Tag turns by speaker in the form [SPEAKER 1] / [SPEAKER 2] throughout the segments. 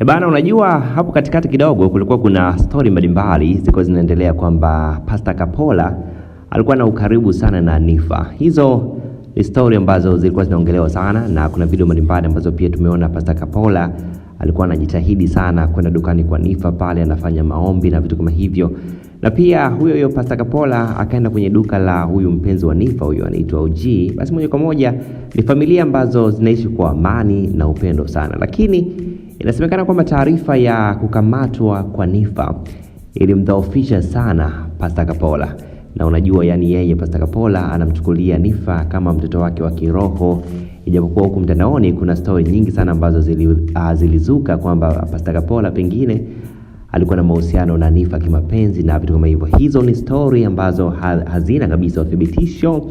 [SPEAKER 1] E bana, unajua hapo katikati kidogo kulikuwa kuna stori mbalimbali zilikuwa zinaendelea kwamba Pastor Kapola alikuwa na ukaribu sana na Nifa. Hizo ni stori ambazo zilikuwa zinaongelewa sana, na kuna video mbalimbali ambazo pia tumeona Pastor Kapola alikuwa anajitahidi sana kwenda dukani kwa Nifa pale anafanya maombi na vitu kama hivyo, na pia huyo huyo Pastor Kapola akaenda kwenye duka la huyu mpenzi wa Nifa, huyo anaitwa OG. Basi moja kwa moja ni familia ambazo zinaishi kwa amani na upendo sana, lakini Inasemekana kwamba taarifa ya kukamatwa kwa Niffer ilimdhoofisha sana Pastor Kapola, na unajua, yani yeye Pastor Kapola anamchukulia Niffer kama mtoto wake wa kiroho, ijapokuwa huku mtandaoni kuna stori nyingi sana ambazo zili, uh, zilizuka kwamba Pastor Kapola pengine alikuwa na mahusiano na Niffer kimapenzi na vitu kama hivyo. Hizo ni stori ambazo hazina kabisa uthibitisho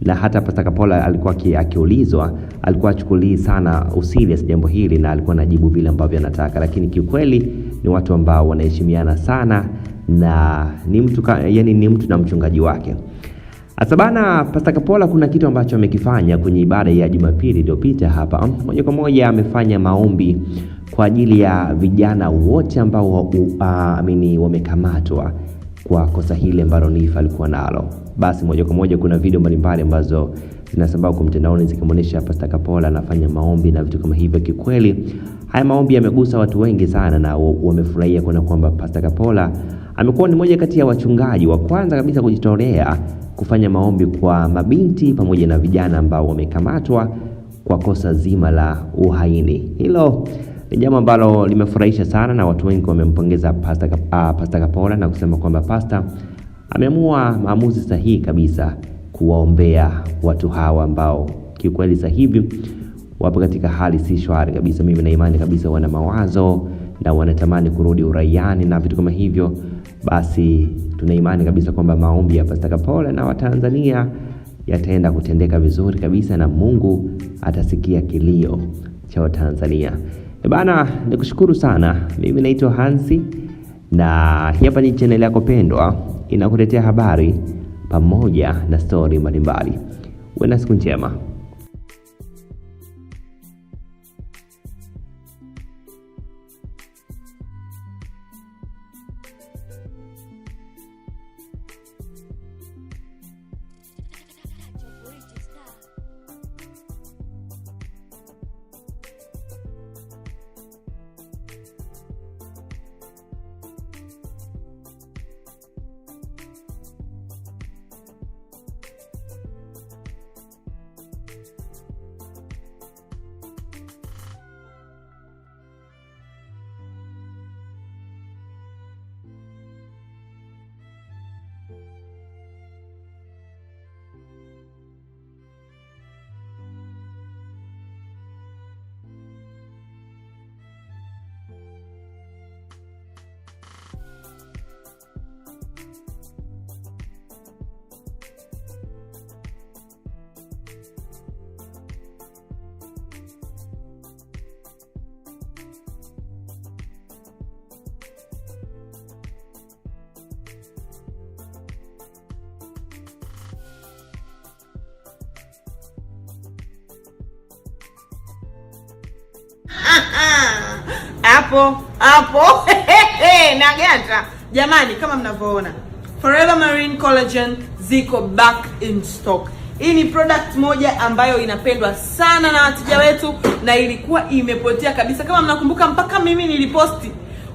[SPEAKER 1] na hata Pastor Kapola alikuwa akiulizwa, alikuwa achukulii sana userious jambo hili na alikuwa anajibu vile ambavyo anataka, lakini kiukweli ni watu ambao wanaheshimiana sana na ni mtu yani, ni mtu na mchungaji wake. asabana bana, Pastor Kapola kuna kitu ambacho amekifanya kwenye ibada ya Jumapili iliyopita hapa. Moja kwa moja amefanya maombi kwa ajili ya vijana wote ambao uh, amini wamekamatwa kwa kosa hili ambalo Niffer alikuwa nalo. Basi moja kwa moja kuna video mbalimbali ambazo zinasambaa kwa mtandaoni zikimuonesha Pastor Kapola anafanya maombi na vitu kama hivyo. Kikweli haya maombi yamegusa watu wengi sana, na wamefurahia kuona kwamba Pastor Kapola amekuwa ni moja kati ya wachungaji wa kwanza kabisa kujitolea kufanya maombi kwa mabinti pamoja na vijana ambao wamekamatwa kwa kosa zima la uhaini hilo. Ni jambo ambalo limefurahisha sana na watu wengi wamempongeza Pasta, uh, ah, Pasta Kapola na kusema kwamba Pasta ameamua maamuzi sahihi kabisa kuwaombea watu hawa ambao kiukweli sasa hivi wapo katika hali si shwari kabisa. Mimi na imani kabisa wana mawazo na wanatamani kurudi uraiani na vitu kama hivyo. Basi tuna imani kabisa kwamba maombi ya Pasta Kapola na Watanzania yataenda kutendeka vizuri kabisa na Mungu atasikia kilio cha Watanzania. Eh, bana, nikushukuru sana. Mimi naitwa Hansi na hapa ni channel yako pendwa inakuletea habari pamoja na stori mbalimbali. Uwe na siku njema.
[SPEAKER 2] hapo hapo nagata. Jamani, kama mnavyoona Forever Marine Collagen ziko back in stock. Hii ni product moja ambayo inapendwa sana na wateja wetu na ilikuwa imepotea kabisa. Kama mnakumbuka, mpaka mimi niliposti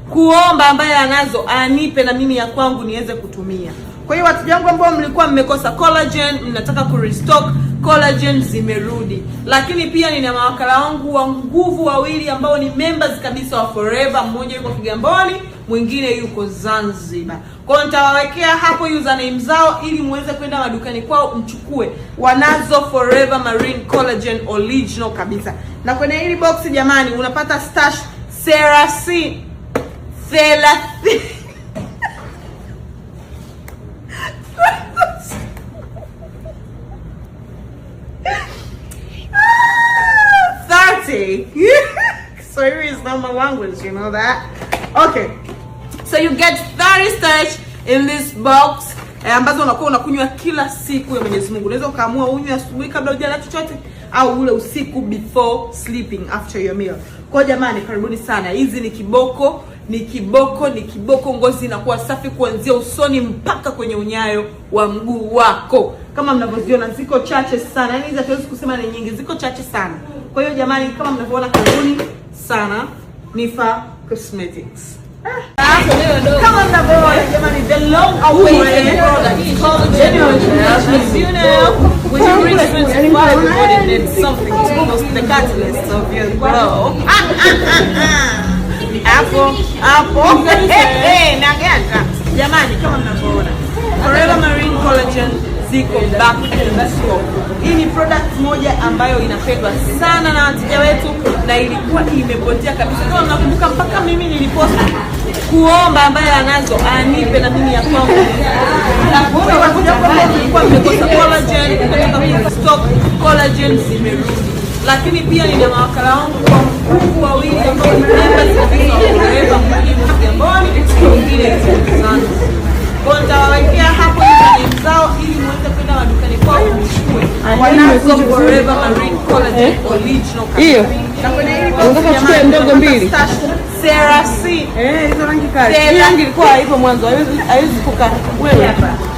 [SPEAKER 2] kuomba ambaye anazo anipe na mimi ya kwangu niweze kutumia. Kwa hiyo wateja wangu ambao mlikuwa mmekosa collagen, mnataka ku restock collagen, zimerudi. Lakini pia nina mawakala wangu wa nguvu wawili ambao ni members kabisa wa Forever, mmoja yuko Kigamboni, mwingine yuko Zanzibar. Kwa hiyo nitawawekea hapo username zao ili muweze kwenda madukani kwao mchukue. Wanazo Forever Marine Collagen original kabisa. Na kwenye hili box jamani, unapata stash serasi 30 30. Sorry, it's not my language, you know that? Okay. So you get 30 stitch in this box eh, ambazo unakuwa unakunywa kila siku ya Mwenyezi Mungu. Unaweza ukaamua unywe asubuhi kabla ujala chochote au ule usiku before sleeping after your meal. Kwa jamani, karibuni sana. Hizi ni kiboko ni kiboko, ni kiboko. Ngozi inakuwa safi kuanzia usoni mpaka kwenye unyayo wa mguu wako, kama mnavyoziona ziko chache sana, yaani hatuwezi kusema ni nyingi, ziko chache sana. Kwa hiyo jamani, kama mnavyoona, karibuni sana Niffer Cosmetics. Kama mnavyoona jamani, the long awaited product is called Genuine As you know, when you bring something to boost the catalyst of your glow. hapo hapo na Jamani, kama mnavyoona Forever Marine Collagen ziko back and store. Hii ni product moja ambayo inapendwa sana na wateja wetu na ilikuwa imepotea kabisa. Kama mnakumbuka, mpaka mimi niliposta kuomba ambaye anazo anipe na mimi ya kwangu kwa collagen zimerudi lakini pia nina mawakala wangu kwa mkuu wawili ambao ni memba mkulimu Kigamboni, mwingine Zanzibar. Kwa nitawawekea hapo hizo mzao ili muweze kwenda madukani kwao mchukue Forever Marine College original eh? hiyo na ndogo mbili C. Eh, hizo rangi kali. Rangi ilikuwa hivyo mwanzo, haiwezi kukaa wewe.